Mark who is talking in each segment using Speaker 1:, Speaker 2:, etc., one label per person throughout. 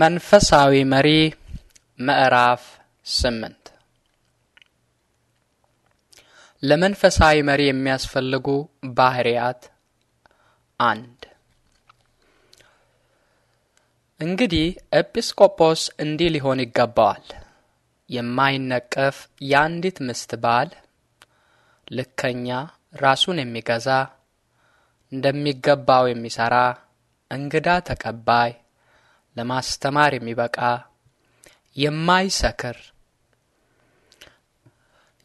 Speaker 1: መንፈሳዊ መሪ ምዕራፍ ስምንት ለመንፈሳዊ መሪ የሚያስፈልጉ ባህሪያት አንድ እንግዲህ ኤጲስቆጶስ እንዲህ ሊሆን ይገባዋል፣ የማይነቀፍ የአንዲት ምስት ባል፣ ልከኛ፣ ራሱን የሚገዛ እንደሚገባው የሚሰራ፣ እንግዳ ተቀባይ ለማስተማር የሚበቃ የማይሰክር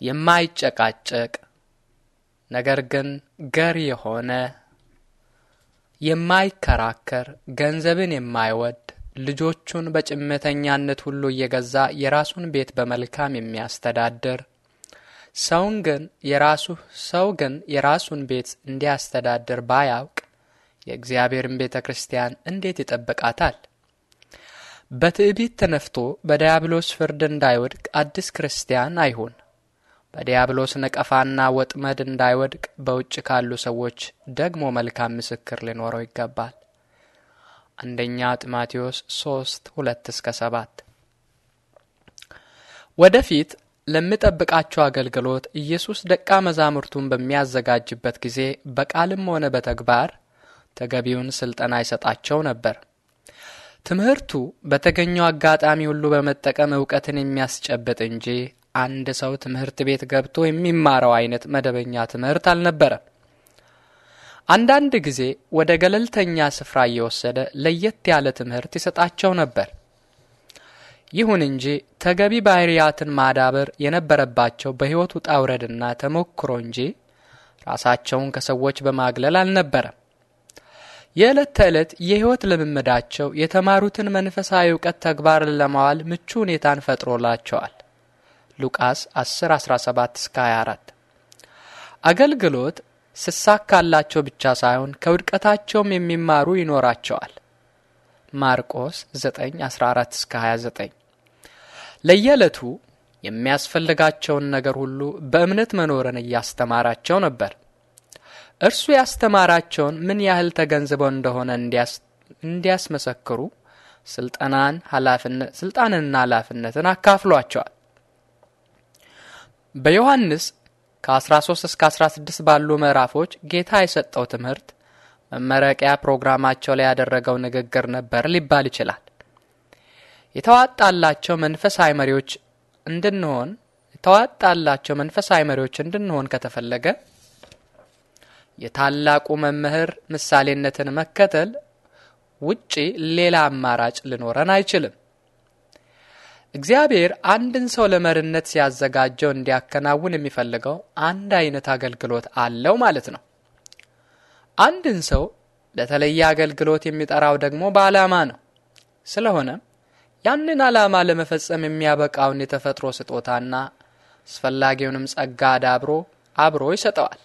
Speaker 1: የማይጨቃጨቅ ነገር ግን ገር የሆነ የማይከራከር ገንዘብን የማይወድ ልጆቹን በጭምተኛነት ሁሉ እየገዛ የራሱን ቤት በመልካም የሚያስተዳድር ሰውን ግን የራሱ ሰው ግን የራሱን ቤት እንዲያስተዳድር ባያውቅ የእግዚአብሔርን ቤተ ክርስቲያን እንዴት ይጠብቃታል? በትዕቢት ተነፍቶ በዲያብሎስ ፍርድ እንዳይወድቅ አዲስ ክርስቲያን አይሁን። በዲያብሎስ ነቀፋና ወጥመድ እንዳይወድቅ በውጭ ካሉ ሰዎች ደግሞ መልካም ምስክር ሊኖረው ይገባል። አንደኛ ጢማቴዎስ 3 2 እስከ 7 ወደፊት ለሚጠብቃቸው አገልግሎት ኢየሱስ ደቀ መዛሙርቱን በሚያዘጋጅበት ጊዜ በቃልም ሆነ በተግባር ተገቢውን ስልጠና ይሰጣቸው ነበር። ትምህርቱ በተገኘው አጋጣሚ ሁሉ በመጠቀም እውቀትን የሚያስጨብጥ እንጂ አንድ ሰው ትምህርት ቤት ገብቶ የሚማረው አይነት መደበኛ ትምህርት አልነበረም። አንዳንድ ጊዜ ወደ ገለልተኛ ስፍራ እየወሰደ ለየት ያለ ትምህርት ይሰጣቸው ነበር። ይሁን እንጂ ተገቢ ባህርያትን ማዳበር የነበረባቸው በሕይወት ውጣውረድና ተሞክሮ እንጂ ራሳቸውን ከሰዎች በማግለል አልነበረም። የዕለት ተዕለት የሕይወት ልምምዳቸው የተማሩትን መንፈሳዊ እውቀት ተግባር ለማዋል ምቹ ሁኔታን ፈጥሮላቸዋል። ሉቃስ 10 17 እስከ 24 አገልግሎት ስሳካላቸው ብቻ ሳይሆን ከውድቀታቸውም የሚማሩ ይኖራቸዋል። ማርቆስ 9 14 እስከ 29 ለየዕለቱ የሚያስፈልጋቸውን ነገር ሁሉ በእምነት መኖርን እያስተማራቸው ነበር። እርሱ ያስተማራቸውን ምን ያህል ተገንዝበው እንደሆነ እንዲያስመሰክሩ ስልጠናን ኃላፊነት ስልጣንና ኃላፊነትን አካፍሏቸዋል። በዮሐንስ ከ13 እስከ 16 ባሉ ምዕራፎች ጌታ የሰጠው ትምህርት መመረቂያ ፕሮግራማቸው ላይ ያደረገው ንግግር ነበር ሊባል ይችላል። የተዋጣላቸው መንፈሳዊ መሪዎች እንድንሆን የተዋጣላቸው መንፈሳዊ መሪዎች እንድንሆን ከተፈለገ የታላቁ መምህር ምሳሌነትን መከተል ውጪ ሌላ አማራጭ ሊኖረን አይችልም። እግዚአብሔር አንድን ሰው ለመሪነት ሲያዘጋጀው እንዲያከናውን የሚፈልገው አንድ አይነት አገልግሎት አለው ማለት ነው። አንድን ሰው ለተለየ አገልግሎት የሚጠራው ደግሞ በዓላማ ነው። ስለሆነ ያንን ዓላማ ለመፈጸም የሚያበቃውን የተፈጥሮ ስጦታና አስፈላጊውንም ጸጋ አዳብሮ አብሮ ይሰጠዋል።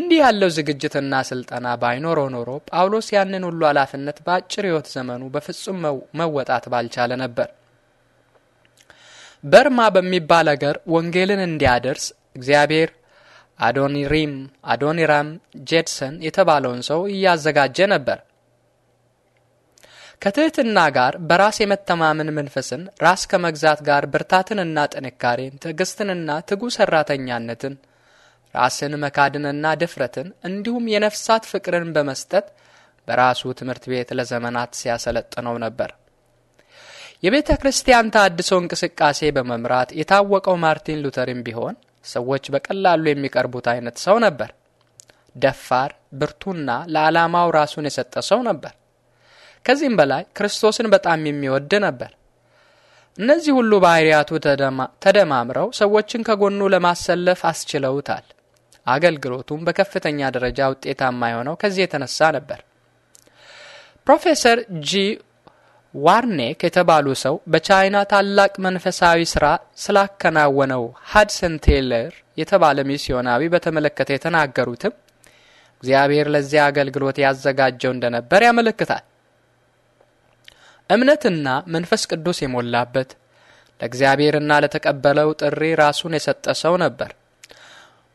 Speaker 1: እንዲህ ያለው ዝግጅትና ስልጠና ባይኖረው ኖሮ ጳውሎስ ያንን ሁሉ ኃላፊነት በአጭር ሕይወት ዘመኑ በፍጹም መወጣት ባልቻለ ነበር። በርማ በሚባል አገር ወንጌልን እንዲያደርስ እግዚአብሔር አዶኒሪም አዶኒራም ጄድሰን የተባለውን ሰው እያዘጋጀ ነበር። ከትህትና ጋር በራስ የመተማመን መንፈስን ራስ ከመግዛት ጋር ብርታትንና ጥንካሬን፣ ትዕግስትንና ትጉ ሰራተኛነትን ራስን መካድንና ድፍረትን እንዲሁም የነፍሳት ፍቅርን በመስጠት በራሱ ትምህርት ቤት ለዘመናት ሲያሰለጥነው ነበር። የቤተ ክርስቲያን ተሃድሶ እንቅስቃሴ በመምራት የታወቀው ማርቲን ሉተርም ቢሆን ሰዎች በቀላሉ የሚቀርቡት አይነት ሰው ነበር። ደፋር፣ ብርቱና ለዓላማው ራሱን የሰጠ ሰው ነበር። ከዚህም በላይ ክርስቶስን በጣም የሚወድ ነበር። እነዚህ ሁሉ ባህሪያቱ ተደማምረው ሰዎችን ከጎኑ ለማሰለፍ አስችለውታል። አገልግሎቱም በከፍተኛ ደረጃ ውጤታማ የሆነው ከዚህ የተነሳ ነበር። ፕሮፌሰር ጂ ዋርኔክ የተባሉ ሰው በቻይና ታላቅ መንፈሳዊ ስራ ስላከናወነው ሃድሰን ቴይለር የተባለ ሚስዮናዊ በተመለከተ የተናገሩትም እግዚአብሔር ለዚያ አገልግሎት ያዘጋጀው እንደነበር ያመለክታል። እምነትና መንፈስ ቅዱስ የሞላበት ለእግዚአብሔርና ለተቀበለው ጥሪ ራሱን የሰጠ ሰው ነበር።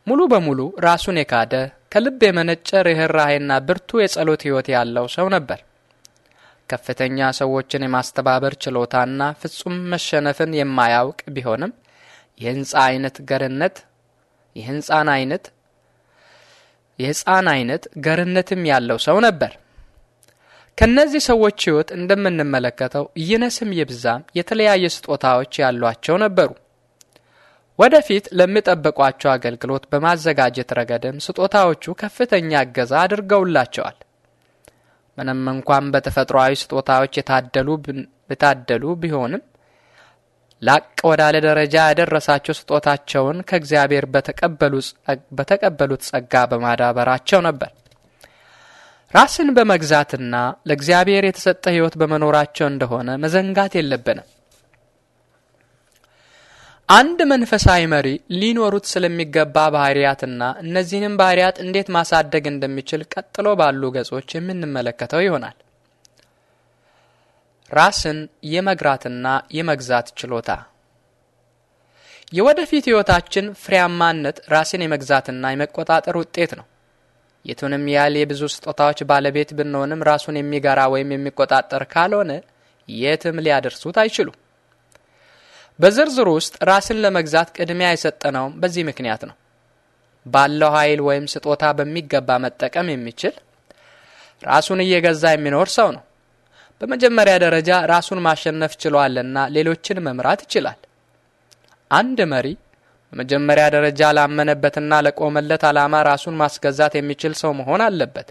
Speaker 1: ሙሉ በሙሉ ራሱን የካደ ከልብ የመነጨ ርኅራኄና ብርቱ የጸሎት ሕይወት ያለው ሰው ነበር። ከፍተኛ ሰዎችን የማስተባበር ችሎታና ፍጹም መሸነፍን የማያውቅ ቢሆንም የሕንፃ አይነት ገርነት የሕንፃን አይነት የሕፃን አይነት ገርነትም ያለው ሰው ነበር። ከእነዚህ ሰዎች ሕይወት እንደምንመለከተው ይነስም ይብዛም የተለያየ ስጦታዎች ያሏቸው ነበሩ። ወደፊት ለሚጠብቋቸው አገልግሎት በማዘጋጀት ረገድም ስጦታዎቹ ከፍተኛ እገዛ አድርገውላቸዋል። ምንም እንኳን በተፈጥሯዊ ስጦታዎች የታደሉ ቢሆንም ላቅ ወዳለ ደረጃ ያደረሳቸው ስጦታቸውን ከእግዚአብሔር በተቀበሉት ጸጋ በማዳበራቸው ነበር። ራስን በመግዛትና ለእግዚአብሔር የተሰጠ ሕይወት በመኖራቸው እንደሆነ መዘንጋት የለብንም። አንድ መንፈሳዊ መሪ ሊኖሩት ስለሚገባ ባህርያትና እነዚህንም ባህሪያት እንዴት ማሳደግ እንደሚችል ቀጥሎ ባሉ ገጾች የምንመለከተው ይሆናል። ራስን የመግራትና የመግዛት ችሎታ የወደፊት ሕይወታችን ፍሬያማነት ራስን የመግዛትና የመቆጣጠር ውጤት ነው። የቱንም ያህል የብዙ ስጦታዎች ባለቤት ብንሆንም ራሱን የሚገራ ወይም የሚቆጣጠር ካልሆነ የትም ሊያደርሱት አይችሉም። በዝርዝሩ ውስጥ ራስን ለመግዛት ቅድሚያ የሰጠነውም በዚህ ምክንያት ነው። ባለው ኃይል ወይም ስጦታ በሚገባ መጠቀም የሚችል ራሱን እየገዛ የሚኖር ሰው ነው። በመጀመሪያ ደረጃ ራሱን ማሸነፍ ችሏልና ሌሎችን መምራት ይችላል። አንድ መሪ በመጀመሪያ ደረጃ ላመነበትና ለቆመለት ዓላማ ራሱን ማስገዛት የሚችል ሰው መሆን አለበት።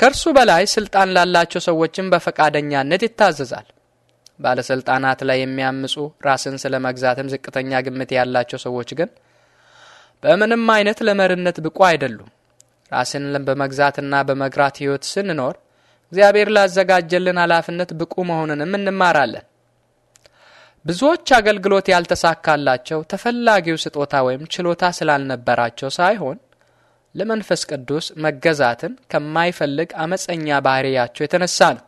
Speaker 1: ከእርሱ በላይ ስልጣን ላላቸው ሰዎችም በፈቃደኛነት ይታዘዛል። ባለሥልጣናት ላይ የሚያምፁ ራስን ስለ መግዛትም ዝቅተኛ ግምት ያላቸው ሰዎች ግን በምንም አይነት ለመርነት ብቁ አይደሉም። ራስን በመግዛትና በመግራት ሕይወት ስንኖር እግዚአብሔር ላዘጋጀልን ኃላፊነት ብቁ መሆንንም እንማራለን። ብዙዎች አገልግሎት ያልተሳካላቸው ተፈላጊው ስጦታ ወይም ችሎታ ስላልነበራቸው ሳይሆን ለመንፈስ ቅዱስ መገዛትን ከማይፈልግ አመፀኛ ባህሪያቸው የተነሳ ነው።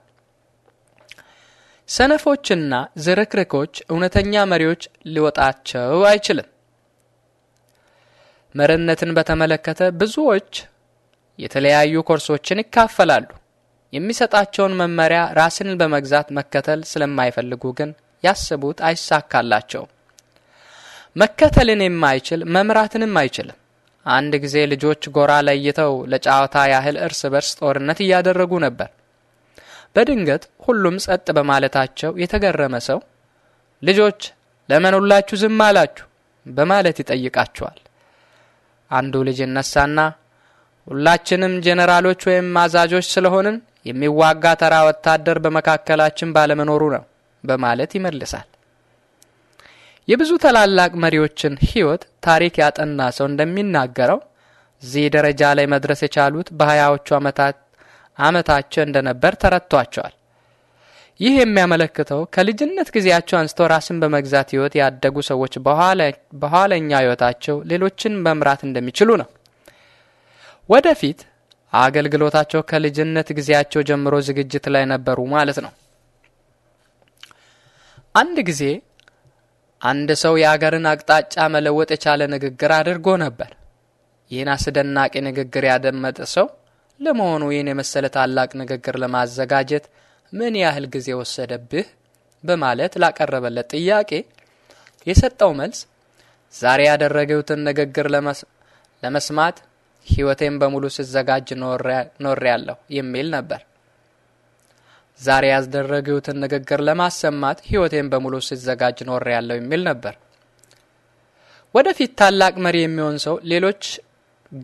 Speaker 1: ሰነፎችና ዝርክርኮች እውነተኛ መሪዎች ሊወጣቸው አይችልም። መሪነትን በተመለከተ ብዙዎች የተለያዩ ኮርሶችን ይካፈላሉ። የሚሰጣቸውን መመሪያ ራስን በመግዛት መከተል ስለማይፈልጉ ግን ያስቡት አይሳካላቸውም። መከተልን የማይችል መምራትንም አይችልም። አንድ ጊዜ ልጆች ጎራ ለይተው ለጨዋታ ያህል እርስ በርስ ጦርነት እያደረጉ ነበር። በድንገት ሁሉም ጸጥ በማለታቸው የተገረመ ሰው ልጆች ለምን ሁላችሁ ዝም አላችሁ? በማለት ይጠይቃቸዋል። አንዱ ልጅ ይነሳና ሁላችንም ጄኔራሎች ወይም አዛዦች ስለሆንን የሚዋጋ ተራ ወታደር በመካከላችን ባለመኖሩ ነው በማለት ይመልሳል። የብዙ ታላላቅ መሪዎችን ሕይወት ታሪክ ያጠና ሰው እንደሚናገረው እዚህ ደረጃ ላይ መድረስ የቻሉት በሀያዎቹ ዓመታት ዓመታቸው እንደነበር ተረድቷቸዋል። ይህ የሚያመለክተው ከልጅነት ጊዜያቸው አንስቶ ራስን በመግዛት ህይወት ያደጉ ሰዎች በኋለኛ ህይወታቸው ሌሎችን መምራት እንደሚችሉ ነው። ወደፊት አገልግሎታቸው ከልጅነት ጊዜያቸው ጀምሮ ዝግጅት ላይ ነበሩ ማለት ነው። አንድ ጊዜ አንድ ሰው የአገርን አቅጣጫ መለወጥ የቻለ ንግግር አድርጎ ነበር። ይህን አስደናቂ ንግግር ያደመጠ ሰው ለመሆኑ ይህን የመሰለ ታላቅ ንግግር ለማዘጋጀት ምን ያህል ጊዜ ወሰደብህ? በማለት ላቀረበለት ጥያቄ የሰጠው መልስ ዛሬ ያደረገውትን ንግግር ለመስማት ሕይወቴን በሙሉ ስዘጋጅ ኖሬያለሁ የሚል ነበር። ዛሬ ያደረገውትን ንግግር ለማሰማት ሕይወቴን በሙሉ ስዘጋጅ ኖሬያለሁ የሚል ነበር። ወደፊት ታላቅ መሪ የሚሆን ሰው ሌሎች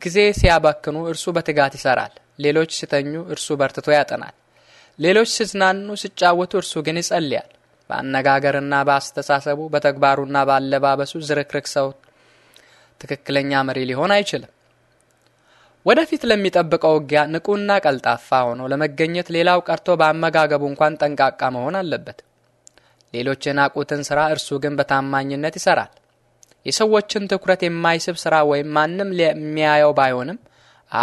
Speaker 1: ጊዜ ሲያባክኑ እርሱ በትጋት ይሰራል። ሌሎች ሲተኙ እርሱ በርትቶ ያጠናል። ሌሎች ሲዝናኑ፣ ሲጫወቱ እርሱ ግን ይጸልያል። በአነጋገርና በአስተሳሰቡ በተግባሩና በአለባበሱ ዝርክርክ ሰው ትክክለኛ መሪ ሊሆን አይችልም። ወደፊት ለሚጠብቀው ውጊያ ንቁና ቀልጣፋ ሆኖ ለመገኘት ሌላው ቀርቶ በአመጋገቡ እንኳን ጠንቃቃ መሆን አለበት። ሌሎች የናቁትን ስራ እርሱ ግን በታማኝነት ይሰራል። የሰዎችን ትኩረት የማይስብ ስራ ወይም ማንም የሚያየው ባይሆንም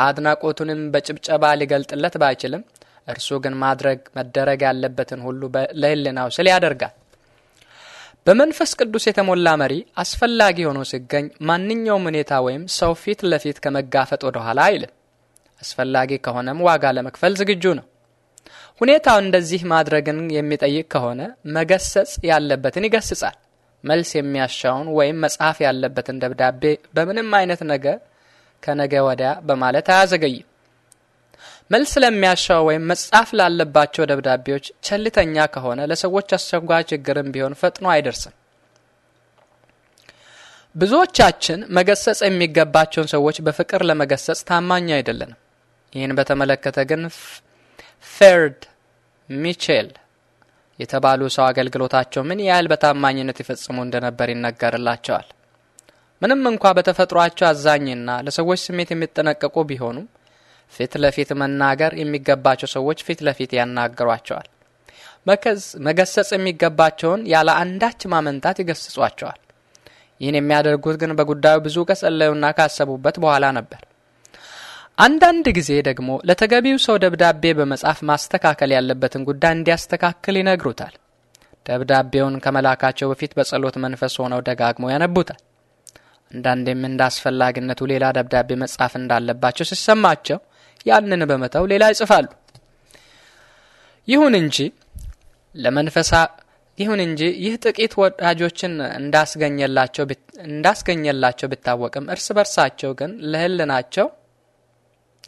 Speaker 1: አድናቆቱንም በጭብጨባ ሊገልጥለት ባይችልም እርሱ ግን ማድረግ መደረግ ያለበትን ሁሉ ለህልናው ስል ያደርጋል። በመንፈስ ቅዱስ የተሞላ መሪ አስፈላጊ ሆኖ ሲገኝ ማንኛውም ሁኔታ ወይም ሰው ፊት ለፊት ከመጋፈጥ ወደ ኋላ አይልም። አስፈላጊ ከሆነም ዋጋ ለመክፈል ዝግጁ ነው። ሁኔታው እንደዚህ ማድረግን የሚጠይቅ ከሆነ መገሰጽ ያለበትን ይገስጻል። መልስ የሚያሻውን ወይም መጽሐፍ ያለበትን ደብዳቤ በምንም አይነት ነገር ከነገ ወዲያ በማለት አያዘገይም። መልስ ለሚያሻው ወይም መጻፍ ላለባቸው ደብዳቤዎች ቸልተኛ ከሆነ ለሰዎች አስቸኳይ ችግርም ቢሆን ፈጥኖ አይደርስም። ብዙዎቻችን መገሰጽ የሚገባቸውን ሰዎች በፍቅር ለመገሰጽ ታማኝ አይደለንም። ይህን በተመለከተ ግን ፌርድ ሚቼል የተባሉ ሰው አገልግሎታቸው ምን ያህል በታማኝነት ይፈጽሙ እንደነበር ይነገርላቸዋል። ምንም እንኳ በተፈጥሯቸው አዛኝና ለሰዎች ስሜት የሚጠነቀቁ ቢሆኑም ፊት ለፊት መናገር የሚገባቸው ሰዎች ፊት ለፊት ያናግሯቸዋል። መገሰጽ የሚገባቸውን ያለ አንዳች ማመንታት ይገስጿቸዋል። ይህን የሚያደርጉት ግን በጉዳዩ ብዙ ከጸለዩና ካሰቡበት በኋላ ነበር። አንዳንድ ጊዜ ደግሞ ለተገቢው ሰው ደብዳቤ በመጻፍ ማስተካከል ያለበትን ጉዳይ እንዲያስተካክል ይነግሩታል። ደብዳቤውን ከመላካቸው በፊት በጸሎት መንፈስ ሆነው ደጋግመው ያነቡታል። አንዳንዴም እንደ አስፈላጊነቱ ሌላ ደብዳቤ መጻፍ እንዳለባቸው ሲሰማቸው ያንን በመተው ሌላ ይጽፋሉ። ይሁን እንጂ ለመንፈሳ ይሁን እንጂ ይህ ጥቂት ወዳጆችን እንዳስገኘላቸው እንዳስገኘላቸው ቢታወቅም እርስ በርሳቸው ግን ለህልናቸው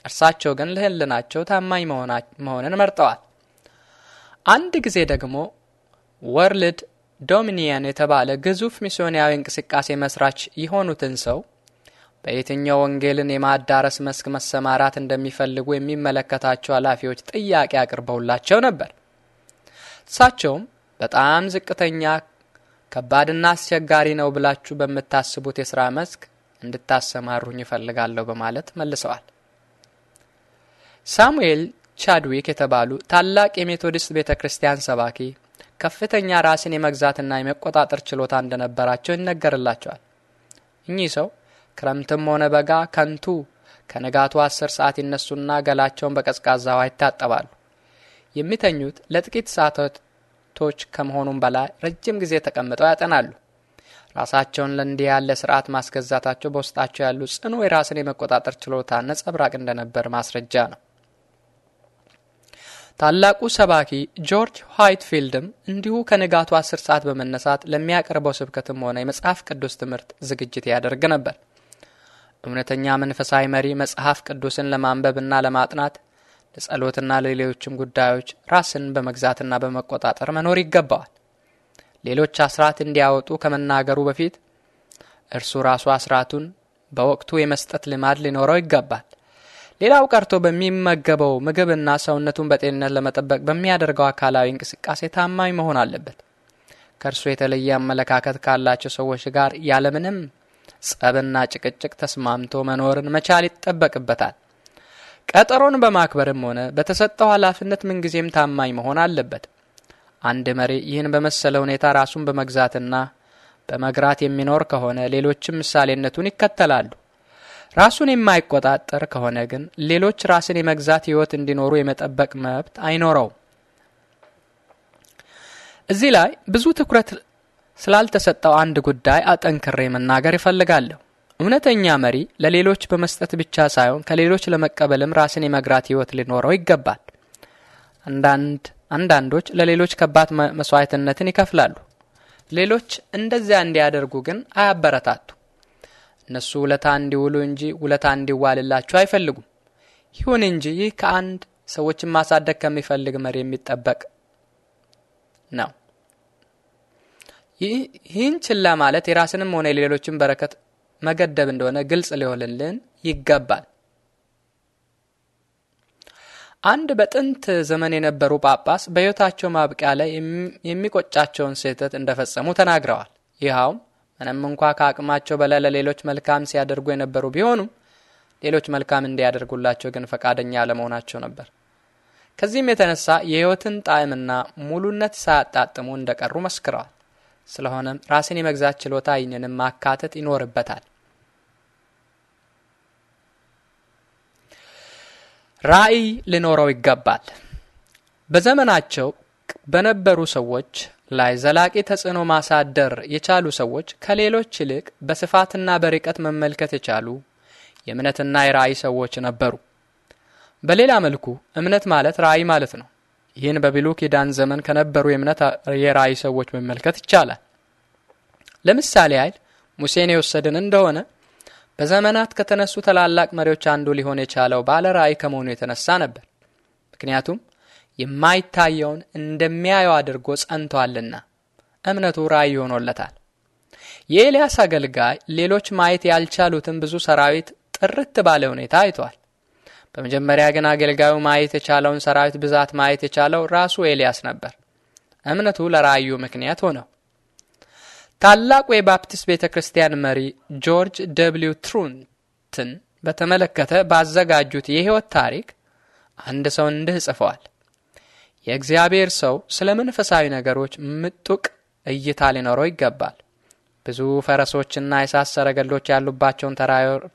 Speaker 1: እርሳቸው ግን ለህልናቸው ታማኝ መሆንን መርጠዋል። አንድ ጊዜ ደግሞ ወርልድ ዶሚኒየን የተባለ ግዙፍ ሚስዮናዊ እንቅስቃሴ መስራች የሆኑትን ሰው በየትኛው ወንጌልን የማዳረስ መስክ መሰማራት እንደሚፈልጉ የሚመለከታቸው ኃላፊዎች ጥያቄ አቅርበውላቸው ነበር። እሳቸውም በጣም ዝቅተኛ፣ ከባድና አስቸጋሪ ነው ብላችሁ በምታስቡት የሥራ መስክ እንድታሰማሩኝ ይፈልጋለሁ በማለት መልሰዋል። ሳሙኤል ቻድዊክ የተባሉ ታላቅ የሜቶዲስት ቤተ ክርስቲያን ሰባኪ ከፍተኛ ራስን የመግዛትና የመቆጣጠር ችሎታ እንደነበራቸው ይነገርላቸዋል። እኚህ ሰው ክረምትም ሆነ በጋ ከንቱ ከንጋቱ አስር ሰዓት ይነሱና ገላቸውን በቀዝቃዛ ውሃ ይታጠባሉ። የሚተኙት ለጥቂት ሰዓቶች ከመሆኑም በላይ ረጅም ጊዜ ተቀምጠው ያጠናሉ። ራሳቸውን ለእንዲህ ያለ ስርዓት ማስገዛታቸው በውስጣቸው ያሉ ጽኑ የራስን የመቆጣጠር ችሎታ ነጸብራቅ እንደነበር ማስረጃ ነው። ታላቁ ሰባኪ ጆርጅ ዋይትፊልድም እንዲሁ ከንጋቱ አስር ሰዓት በመነሳት ለሚያቀርበው ስብከትም ሆነ የመጽሐፍ ቅዱስ ትምህርት ዝግጅት ያደርግ ነበር። እውነተኛ መንፈሳዊ መሪ መጽሐፍ ቅዱስን ለማንበብና ለማጥናት ለጸሎትና ለሌሎችም ጉዳዮች ራስን በመግዛትና በመቆጣጠር መኖር ይገባዋል። ሌሎች አስራት እንዲያወጡ ከመናገሩ በፊት እርሱ ራሱ አስራቱን በወቅቱ የመስጠት ልማድ ሊኖረው ይገባል። ሌላው ቀርቶ በሚመገበው ምግብና ሰውነቱን በጤንነት ለመጠበቅ በሚያደርገው አካላዊ እንቅስቃሴ ታማኝ መሆን አለበት። ከእርሱ የተለየ አመለካከት ካላቸው ሰዎች ጋር ያለምንም ጸብና ጭቅጭቅ ተስማምቶ መኖርን መቻል ይጠበቅበታል። ቀጠሮን በማክበርም ሆነ በተሰጠው ኃላፊነት ምንጊዜም ታማኝ መሆን አለበት። አንድ መሪ ይህን በመሰለ ሁኔታ ራሱን በመግዛትና በመግራት የሚኖር ከሆነ ሌሎችም ምሳሌነቱን ይከተላሉ። ራሱን የማይቆጣጠር ከሆነ ግን ሌሎች ራስን የመግዛት ህይወት እንዲኖሩ የመጠበቅ መብት አይኖረውም። እዚህ ላይ ብዙ ትኩረት ስላልተሰጠው አንድ ጉዳይ አጠንክሬ መናገር እፈልጋለሁ። እውነተኛ መሪ ለሌሎች በመስጠት ብቻ ሳይሆን ከሌሎች ለመቀበልም ራስን የመግራት ህይወት ሊኖረው ይገባል። አንዳንድ አንዳንዶች ለሌሎች ከባድ መስዋዕትነትን ይከፍላሉ። ሌሎች እንደዚያ እንዲያደርጉ ግን አያበረታቱ እነሱ ውለታ እንዲውሉ እንጂ ውለታ እንዲዋልላቸው አይፈልጉም። ይሁን እንጂ ይህ ከአንድ ሰዎችን ማሳደግ ከሚፈልግ መሪ የሚጠበቅ ነው። ይህን ችላ ማለት የራስንም ሆነ የሌሎችን በረከት መገደብ እንደሆነ ግልጽ ሊሆንልን ይገባል። አንድ በጥንት ዘመን የነበሩ ጳጳስ በሕይወታቸው ማብቂያ ላይ የሚቆጫቸውን ስህተት እንደፈጸሙ ተናግረዋል። ይኸውም ምንም እንኳ ከአቅማቸው በላይ ለሌሎች መልካም ሲያደርጉ የነበሩ ቢሆኑም ሌሎች መልካም እንዲያደርጉላቸው ግን ፈቃደኛ አለመሆናቸው ነበር። ከዚህም የተነሳ የሕይወትን ጣዕምና ሙሉነት ሳያጣጥሙ እንደቀሩ መስክረዋል። ስለሆነም ራስን የመግዛት ችሎታ ይህንንም ማካተት ይኖርበታል። ራዕይ ሊኖረው ይገባል። በዘመናቸው በነበሩ ሰዎች ላይ ዘላቂ ተጽዕኖ ማሳደር የቻሉ ሰዎች ከሌሎች ይልቅ በስፋትና በርቀት መመልከት የቻሉ የእምነትና የራእይ ሰዎች ነበሩ። በሌላ መልኩ እምነት ማለት ራእይ ማለት ነው። ይህን በብሉይ ኪዳን ዘመን ከነበሩ የእምነት የራእይ ሰዎች መመልከት ይቻላል። ለምሳሌ ያህል ሙሴን የወሰድን እንደሆነ በዘመናት ከተነሱ ታላላቅ መሪዎች አንዱ ሊሆን የቻለው ባለ ራእይ ከመሆኑ የተነሳ ነበር። ምክንያቱም የማይታየውን እንደሚያየው አድርጎ ጸንቷልና እምነቱ ራእይ ሆኖለታል። የኤልያስ አገልጋይ ሌሎች ማየት ያልቻሉትን ብዙ ሰራዊት ጥርት ባለ ሁኔታ አይቷል። በመጀመሪያ ግን አገልጋዩ ማየት የቻለውን ሰራዊት ብዛት ማየት የቻለው ራሱ ኤልያስ ነበር። እምነቱ ለራእዩ ምክንያት ሆነው። ታላቁ የባፕቲስት ቤተ ክርስቲያን መሪ ጆርጅ ደብሊው ትሩንትን በተመለከተ ባዘጋጁት የሕይወት ታሪክ አንድ ሰው እንዲህ ጽፈዋል። የእግዚአብሔር ሰው ስለ መንፈሳዊ ነገሮች ምጡቅ እይታ ሊኖረው ይገባል። ብዙ ፈረሶችና የሳት ሰረገሎች ያሉባቸውን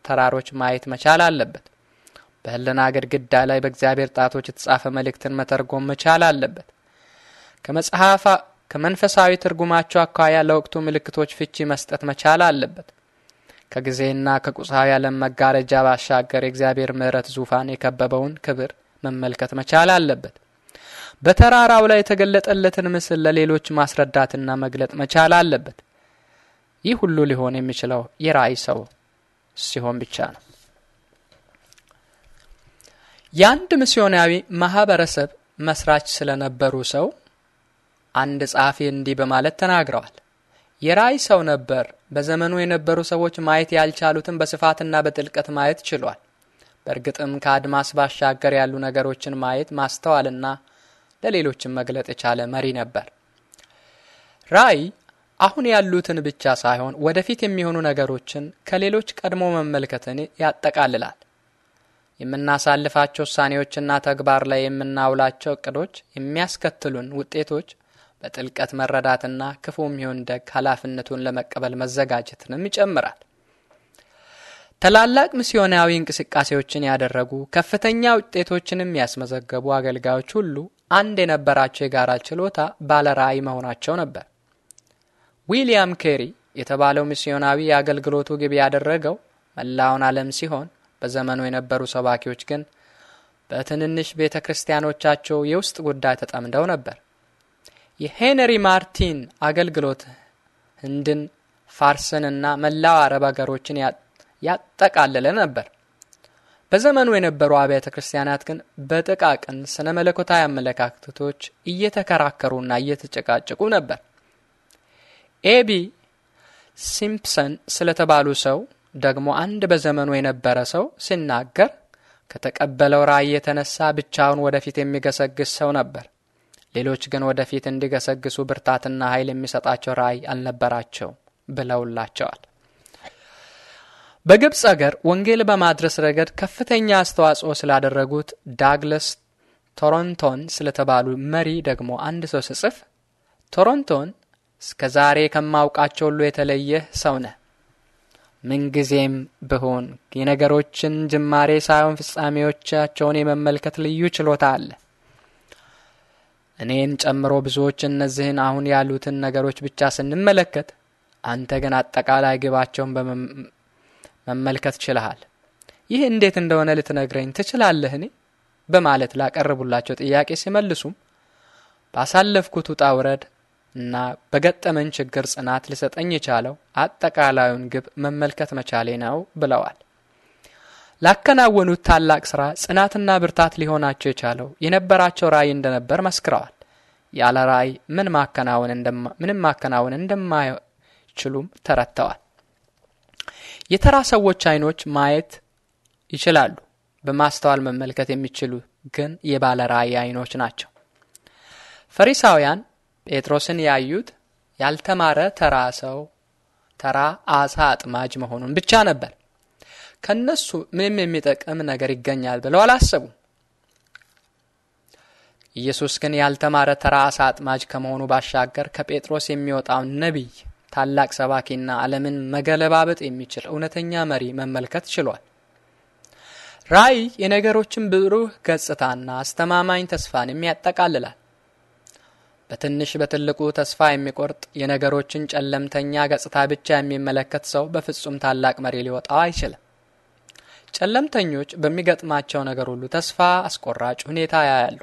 Speaker 1: ተራሮች ማየት መቻል አለበት። በህልና ግድግዳ ላይ በእግዚአብሔር ጣቶች የተጻፈ መልእክትን መተርጎም መቻል አለበት። ከመጽሐፋ ከመንፈሳዊ ትርጉማቸው አኳያ ለወቅቱ ምልክቶች ፍቺ መስጠት መቻል አለበት። ከጊዜና ከቁሳዊ ዓለም መጋረጃ ባሻገር የእግዚአብሔር ምሕረት ዙፋን የከበበውን ክብር መመልከት መቻል አለበት። በተራራው ላይ የተገለጠለትን ምስል ለሌሎች ማስረዳትና መግለጥ መቻል አለበት። ይህ ሁሉ ሊሆን የሚችለው የራእይ ሰው ሲሆን ብቻ ነው። የአንድ ሚስዮናዊ ማህበረሰብ መስራች ስለነበሩ ሰው አንድ ጸሐፊ እንዲህ በማለት ተናግረዋል። የራእይ ሰው ነበር። በዘመኑ የነበሩ ሰዎች ማየት ያልቻሉትን በስፋትና በጥልቀት ማየት ችሏል። በእርግጥም ከአድማስ ባሻገር ያሉ ነገሮችን ማየት ማስተዋልና ለሌሎችም መግለጥ የቻለ መሪ ነበር። ራእይ አሁን ያሉትን ብቻ ሳይሆን ወደፊት የሚሆኑ ነገሮችን ከሌሎች ቀድሞ መመልከትን ያጠቃልላል። የምናሳልፋቸው ውሳኔዎችና ተግባር ላይ የምናውላቸው እቅዶች የሚያስከትሉን ውጤቶች በጥልቀት መረዳትና ክፉ የሚሆን ደግ ኃላፊነቱን ለመቀበል መዘጋጀትንም ይጨምራል። ታላላቅ ሚስዮናዊ እንቅስቃሴዎችን ያደረጉ ከፍተኛ ውጤቶችንም ያስመዘገቡ አገልጋዮች ሁሉ አንድ የነበራቸው የጋራ ችሎታ ራእይ መሆናቸው ነበር። ዊሊያም ኬሪ የተባለው ሚስዮናዊ የአገልግሎቱ ግብ ያደረገው መላውን ዓለም ሲሆን በዘመኑ የነበሩ ሰባኪዎች ግን በትንንሽ ቤተ ክርስቲያኖቻቸው የውስጥ ጉዳይ ተጠምደው ነበር። የሄንሪ ማርቲን አገልግሎት ህንድን፣ ፋርስንና መላው አረብ አገሮችን ያጠቃለለ ነበር። በዘመኑ የነበሩ አብያተ ክርስቲያናት ግን በጥቃቅን ስነ መለኮታዊ አመለካከቶች እየተከራከሩና እየተጨቃጨቁ ነበር። ኤቢ ሲምፕሰን ስለተባሉ ሰው ደግሞ አንድ በዘመኑ የነበረ ሰው ሲናገር ከተቀበለው ራእይ የተነሳ ብቻውን ወደፊት የሚገሰግስ ሰው ነበር። ሌሎች ግን ወደፊት እንዲገሰግሱ ብርታትና ኃይል የሚሰጣቸው ራእይ አልነበራቸው ብለውላቸዋል። በግብፅ አገር ወንጌል በማድረስ ረገድ ከፍተኛ አስተዋጽኦ ስላደረጉት ዳግለስ ቶሮንቶን ስለተባሉ መሪ ደግሞ አንድ ሰው ስጽፍ ቶሮንቶን እስከ ዛሬ ከማውቃቸው ሁሉ የተለየ ሰው ነህ። ምንጊዜም ብሆን የነገሮችን ጅማሬ ሳይሆን ፍጻሜዎቻቸውን የመመልከት ልዩ ችሎታ አለ። እኔን ጨምሮ ብዙዎች እነዚህን አሁን ያሉትን ነገሮች ብቻ ስንመለከት፣ አንተ ግን አጠቃላይ ግባቸውን መመልከት ችልሃል። ይህ እንዴት እንደሆነ ልትነግረኝ ትችላለህን? በማለት ላቀረቡላቸው ጥያቄ ሲመልሱም ባሳለፍኩት ውጣ ውረድ እና በገጠመኝ ችግር ጽናት ሊሰጠኝ የቻለው አጠቃላዩን ግብ መመልከት መቻሌ ነው ብለዋል። ላከናወኑት ታላቅ ስራ ጽናትና ብርታት ሊሆናቸው የቻለው የነበራቸው ራዕይ እንደነበር መስክረዋል። ያለ ራዕይ ምን ማከናወን ምንም ማከናወን እንደማይችሉም ተረድተዋል። የተራ ሰዎች አይኖች ማየት ይችላሉ። በማስተዋል መመልከት የሚችሉ ግን የባለ ራእይ አይኖች ናቸው። ፈሪሳውያን ጴጥሮስን ያዩት ያልተማረ ተራ ሰው ተራ አሳ አጥማጅ መሆኑን ብቻ ነበር። ከነሱ ምንም የሚጠቅም ነገር ይገኛል ብለው አላሰቡም። ኢየሱስ ግን ያልተማረ ተራ አሳ አጥማጅ ከመሆኑ ባሻገር ከጴጥሮስ የሚወጣውን ነቢይ ታላቅ ሰባኪና ዓለምን መገለባበጥ የሚችል እውነተኛ መሪ መመልከት ችሏል። ራእይ የነገሮችን ብሩህ ገጽታና አስተማማኝ ተስፋን የሚያጠቃልላል። በትንሽ በትልቁ ተስፋ የሚቆርጥ የነገሮችን ጨለምተኛ ገጽታ ብቻ የሚመለከት ሰው በፍጹም ታላቅ መሪ ሊወጣው አይችልም። ጨለምተኞች በሚገጥማቸው ነገር ሁሉ ተስፋ አስቆራጭ ሁኔታ ያያሉ።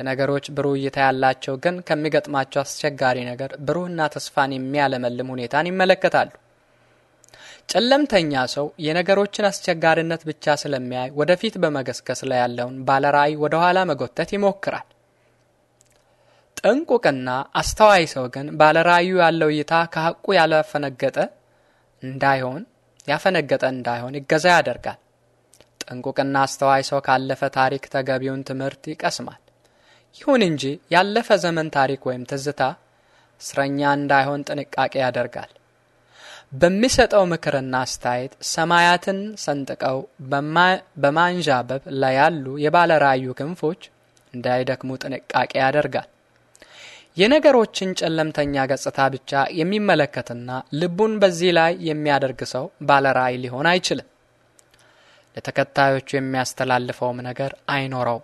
Speaker 1: ለነገሮች ብሩህ እይታ ያላቸው ግን ከሚገጥማቸው አስቸጋሪ ነገር ብሩህና ተስፋን የሚያለመልም ሁኔታን ይመለከታሉ። ጨለምተኛ ሰው የነገሮችን አስቸጋሪነት ብቻ ስለሚያይ ወደፊት በመገስገስ ላይ ያለውን ባለራእይ ወደ ኋላ መጎተት ይሞክራል። ጥንቁቅና አስተዋይ ሰው ግን ባለራእዩ ያለው እይታ ከሐቁ ያላፈነገጠ እንዳይሆን ያፈነገጠ እንዳይሆን ይገዛ ያደርጋል። ጥንቁቅና አስተዋይ ሰው ካለፈ ታሪክ ተገቢውን ትምህርት ይቀስማል። ይሁን እንጂ ያለፈ ዘመን ታሪክ ወይም ትዝታ እስረኛ እንዳይሆን ጥንቃቄ ያደርጋል። በሚሰጠው ምክርና አስተያየት ሰማያትን ሰንጥቀው በማንዣበብ ላይ ያሉ የባለ ራእዩ ክንፎች እንዳይደክሙ ጥንቃቄ ያደርጋል። የነገሮችን ጨለምተኛ ገጽታ ብቻ የሚመለከትና ልቡን በዚህ ላይ የሚያደርግ ሰው ባለ ራእይ ሊሆን አይችልም። ለተከታዮቹ የሚያስተላልፈውም ነገር አይኖረው።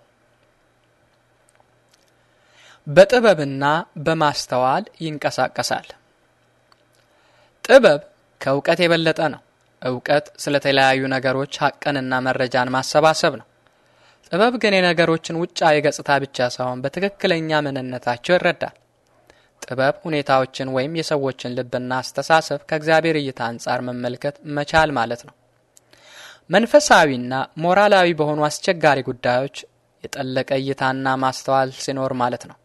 Speaker 1: በጥበብና በማስተዋል ይንቀሳቀሳል። ጥበብ ከእውቀት የበለጠ ነው። እውቀት ስለተለያዩ ነገሮች ሀቅንና መረጃን ማሰባሰብ ነው። ጥበብ ግን የነገሮችን ውጫዊ ገጽታ ብቻ ሳይሆን በትክክለኛ ምንነታቸው ይረዳል። ጥበብ ሁኔታዎችን ወይም የሰዎችን ልብና አስተሳሰብ ከእግዚአብሔር እይታ አንጻር መመልከት መቻል ማለት ነው። መንፈሳዊና ሞራላዊ በሆኑ አስቸጋሪ ጉዳዮች የጠለቀ እይታና ማስተዋል ሲኖር ማለት ነው።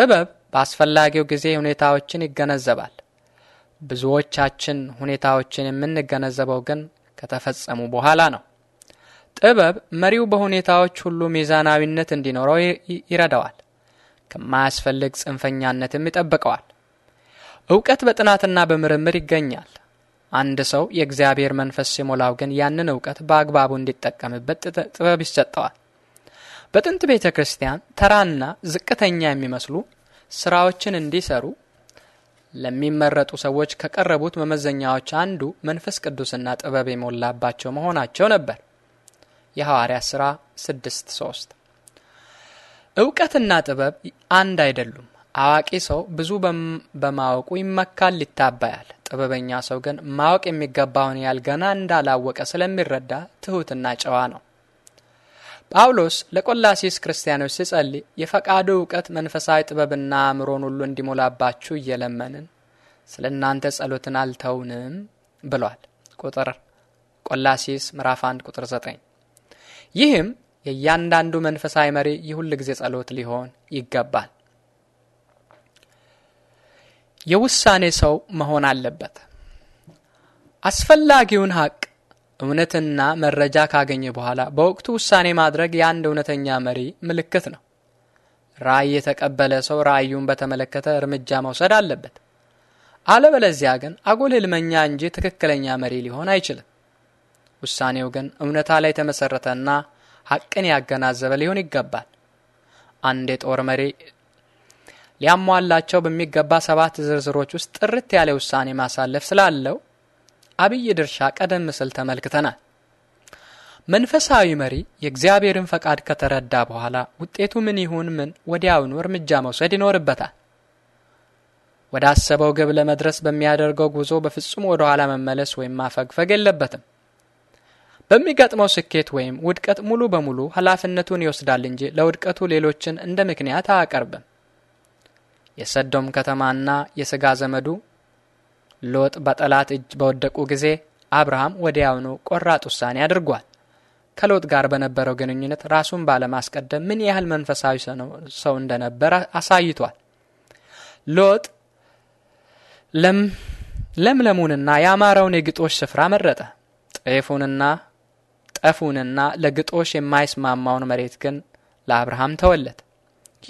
Speaker 1: ጥበብ በአስፈላጊው ጊዜ ሁኔታዎችን ይገነዘባል። ብዙዎቻችን ሁኔታዎችን የምንገነዘበው ግን ከተፈጸሙ በኋላ ነው። ጥበብ መሪው በሁኔታዎች ሁሉ ሚዛናዊነት እንዲኖረው ይረዳዋል፣ ከማያስፈልግ ጽንፈኛነትም ይጠብቀዋል። እውቀት በጥናትና በምርምር ይገኛል። አንድ ሰው የእግዚአብሔር መንፈስ ሲሞላው ግን ያንን እውቀት በአግባቡ እንዲጠቀምበት ጥበብ ይሰጠዋል። በጥንት ቤተ ክርስቲያን ተራና ዝቅተኛ የሚመስሉ ስራዎችን እንዲሰሩ ለሚመረጡ ሰዎች ከቀረቡት መመዘኛዎች አንዱ መንፈስ ቅዱስና ጥበብ የሞላባቸው መሆናቸው ነበር። የሐዋርያ ሥራ 3 እውቀትና ጥበብ አንድ አይደሉም። አዋቂ ሰው ብዙ በማወቁ ይመካል፣ ይታባያል። ጥበበኛ ሰው ግን ማወቅ የሚገባውን ያህል ገና እንዳላወቀ ስለሚረዳ ትሑትና ጨዋ ነው። ጳውሎስ ለቆላሴስ ክርስቲያኖች ሲጸልይ የፈቃዱ እውቀት መንፈሳዊ ጥበብና አእምሮን ሁሉ እንዲሞላባችሁ እየለመንን ስለ እናንተ ጸሎትን አልተውንም ብሏል። ቁጥር ቆላሴስ ምዕራፍ 1 ቁጥር 9። ይህም የእያንዳንዱ መንፈሳዊ መሪ የሁል ጊዜ ጸሎት ሊሆን ይገባል። የውሳኔ ሰው መሆን አለበት። አስፈላጊውን ሀቅ እውነትና መረጃ ካገኘ በኋላ በወቅቱ ውሳኔ ማድረግ የአንድ እውነተኛ መሪ ምልክት ነው። ራእይ የተቀበለ ሰው ራእዩን በተመለከተ እርምጃ መውሰድ አለበት። አለበለዚያ ግን አጉል ህልመኛ እንጂ ትክክለኛ መሪ ሊሆን አይችልም። ውሳኔው ግን እውነታ ላይ የተመሰረተና ሐቅን ያገናዘበ ሊሆን ይገባል። አንድ የጦር መሪ ሊያሟላቸው በሚገባ ሰባት ዝርዝሮች ውስጥ ጥርት ያለ ውሳኔ ማሳለፍ ስላለው አብይ ድርሻ ቀደም ሲል ተመልክተናል። መንፈሳዊ መሪ የእግዚአብሔርን ፈቃድ ከተረዳ በኋላ ውጤቱ ምን ይሁን ምን ወዲያውኑ እርምጃ መውሰድ ይኖርበታል። ወደ አሰበው ግብ ለመድረስ በሚያደርገው ጉዞ በፍጹም ወደ ኋላ መመለስ ወይም ማፈግፈግ የለበትም። በሚገጥመው ስኬት ወይም ውድቀት ሙሉ በሙሉ ኃላፊነቱን ይወስዳል እንጂ ለውድቀቱ ሌሎችን እንደ ምክንያት አያቀርብም። የሰዶም ከተማና የሥጋ ዘመዱ ሎጥ በጠላት እጅ በወደቁ ጊዜ አብርሃም ወዲያውኑ ቆራጥ ውሳኔ አድርጓል። ከሎጥ ጋር በነበረው ግንኙነት ራሱን ባለማስቀደም ምን ያህል መንፈሳዊ ሰው እንደነበረ አሳይቷል። ሎጥ ለምለሙንና ያማረውን የግጦሽ ስፍራ መረጠ። ጤፉንና ጠፉንና ለግጦሽ የማይስማማውን መሬት ግን ለአብርሃም ተወለት።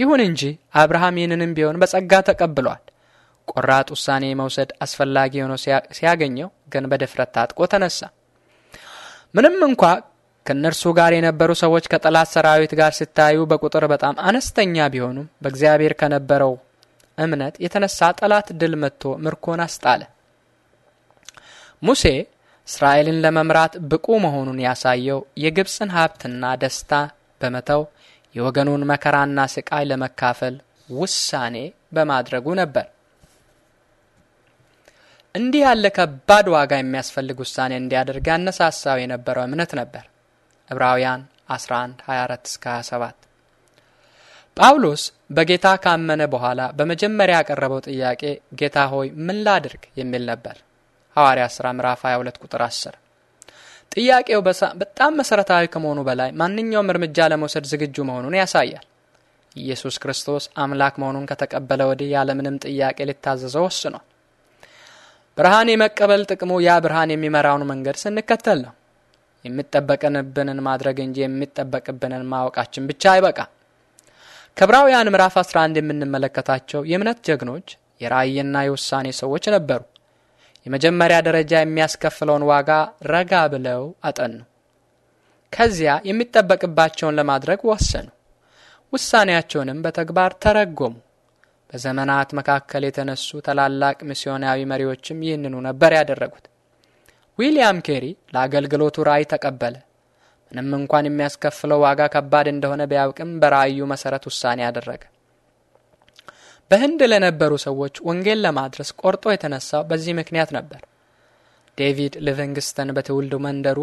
Speaker 1: ይሁን እንጂ አብርሃም ይህንንም ቢሆን በጸጋ ተቀብሏል። ቆራጥ ውሳኔ መውሰድ አስፈላጊ ሆኖ ሲያገኘው ግን በድፍረት ታጥቆ ተነሳ። ምንም እንኳ ከእነርሱ ጋር የነበሩ ሰዎች ከጠላት ሰራዊት ጋር ሲታዩ በቁጥር በጣም አነስተኛ ቢሆኑም በእግዚአብሔር ከነበረው እምነት የተነሳ ጠላት ድል መጥቶ ምርኮን አስጣለ። ሙሴ እስራኤልን ለመምራት ብቁ መሆኑን ያሳየው የግብፅን ሀብትና ደስታ በመተው የወገኑን መከራና ስቃይ ለመካፈል ውሳኔ በማድረጉ ነበር። እንዲህ ያለ ከባድ ዋጋ የሚያስፈልግ ውሳኔ እንዲያደርግ ያነሳሳው የነበረው እምነት ነበር። ዕብራውያን 11 24 እስከ 27 ጳውሎስ በጌታ ካመነ በኋላ በመጀመሪያ ያቀረበው ጥያቄ ጌታ ሆይ ምን ላድርግ የሚል ነበር። ሐዋርያ ሥራ ምዕራፍ 22 ቁጥር 10 ጥያቄው በጣም መሠረታዊ ከመሆኑ በላይ ማንኛውም እርምጃ ለመውሰድ ዝግጁ መሆኑን ያሳያል። ኢየሱስ ክርስቶስ አምላክ መሆኑን ከተቀበለ ወዲህ ያለምንም ጥያቄ ሊታዘዘው ወስኗል። ብርሃን የመቀበል ጥቅሙ ያ ብርሃን የሚመራውን መንገድ ስንከተል ነው። የሚጠበቅንብንን ማድረግ እንጂ የሚጠበቅብንን ማወቃችን ብቻ አይበቃ። ከዕብራውያን ምዕራፍ 11 የምንመለከታቸው የእምነት ጀግኖች የራእይና የውሳኔ ሰዎች ነበሩ። የመጀመሪያ ደረጃ የሚያስከፍለውን ዋጋ ረጋ ብለው አጠኑ። ከዚያ የሚጠበቅባቸውን ለማድረግ ወሰኑ። ውሳኔያቸውንም በተግባር ተረጎሙ። በዘመናት መካከል የተነሱ ታላላቅ ሚስዮናዊ መሪዎችም ይህንኑ ነበር ያደረጉት። ዊልያም ኬሪ ለአገልግሎቱ ራእይ ተቀበለ። ምንም እንኳን የሚያስከፍለው ዋጋ ከባድ እንደሆነ ቢያውቅም በራእዩ መሰረት ውሳኔ ያደረገ። በህንድ ለነበሩ ሰዎች ወንጌል ለማድረስ ቆርጦ የተነሳው በዚህ ምክንያት ነበር። ዴቪድ ሊቪንግስተን በትውልድ መንደሩ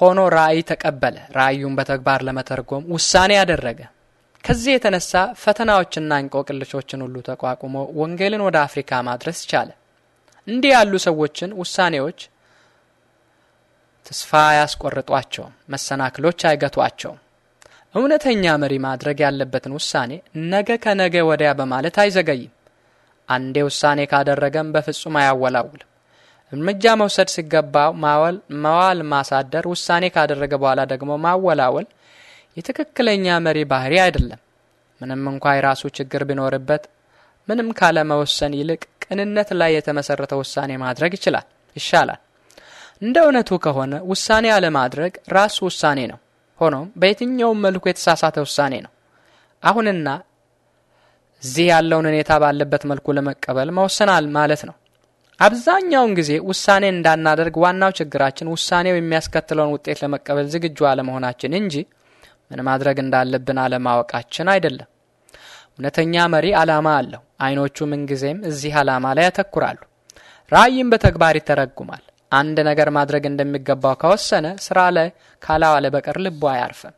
Speaker 1: ሆኖ ራእይ ተቀበለ። ራእዩን በተግባር ለመተርጎም ውሳኔ ያደረገ። ከዚህ የተነሳ ፈተናዎችና እንቆቅልሾችን ሁሉ ተቋቁሞ ወንጌልን ወደ አፍሪካ ማድረስ ቻለ። እንዲህ ያሉ ሰዎችን ውሳኔዎች ተስፋ አያስቆርጧቸውም፣ መሰናክሎች አይገቷቸውም። እውነተኛ መሪ ማድረግ ያለበትን ውሳኔ ነገ ከነገ ወዲያ በማለት አይዘገይም። አንዴ ውሳኔ ካደረገም በፍጹም አያወላውልም። እርምጃ መውሰድ ሲገባው ማዋል ማሳደር፣ ውሳኔ ካደረገ በኋላ ደግሞ ማወላወል የትክክለኛ መሪ ባህሪ አይደለም። ምንም እንኳ የራሱ ችግር ቢኖርበት ምንም ካለመወሰን ይልቅ ቅንነት ላይ የተመሰረተ ውሳኔ ማድረግ ይችላል ይሻላል። እንደ እውነቱ ከሆነ ውሳኔ አለማድረግ ራሱ ውሳኔ ነው። ሆኖም በየትኛውም መልኩ የተሳሳተ ውሳኔ ነው። አሁንና እዚህ ያለውን ሁኔታ ባለበት መልኩ ለመቀበል መወሰናል ማለት ነው። አብዛኛውን ጊዜ ውሳኔ እንዳናደርግ ዋናው ችግራችን ውሳኔው የሚያስከትለውን ውጤት ለመቀበል ዝግጁ አለመሆናችን እንጂ ምን ማድረግ እንዳለብን አለማወቃችን አይደለም። እውነተኛ መሪ ዓላማ አለው። አይኖቹ ምንጊዜም እዚህ ዓላማ ላይ ያተኩራሉ። ራእይም በተግባር ይተረጉማል። አንድ ነገር ማድረግ እንደሚገባው ከወሰነ ስራ ላይ ካላዋለ በቀር ልቡ አያርፍም።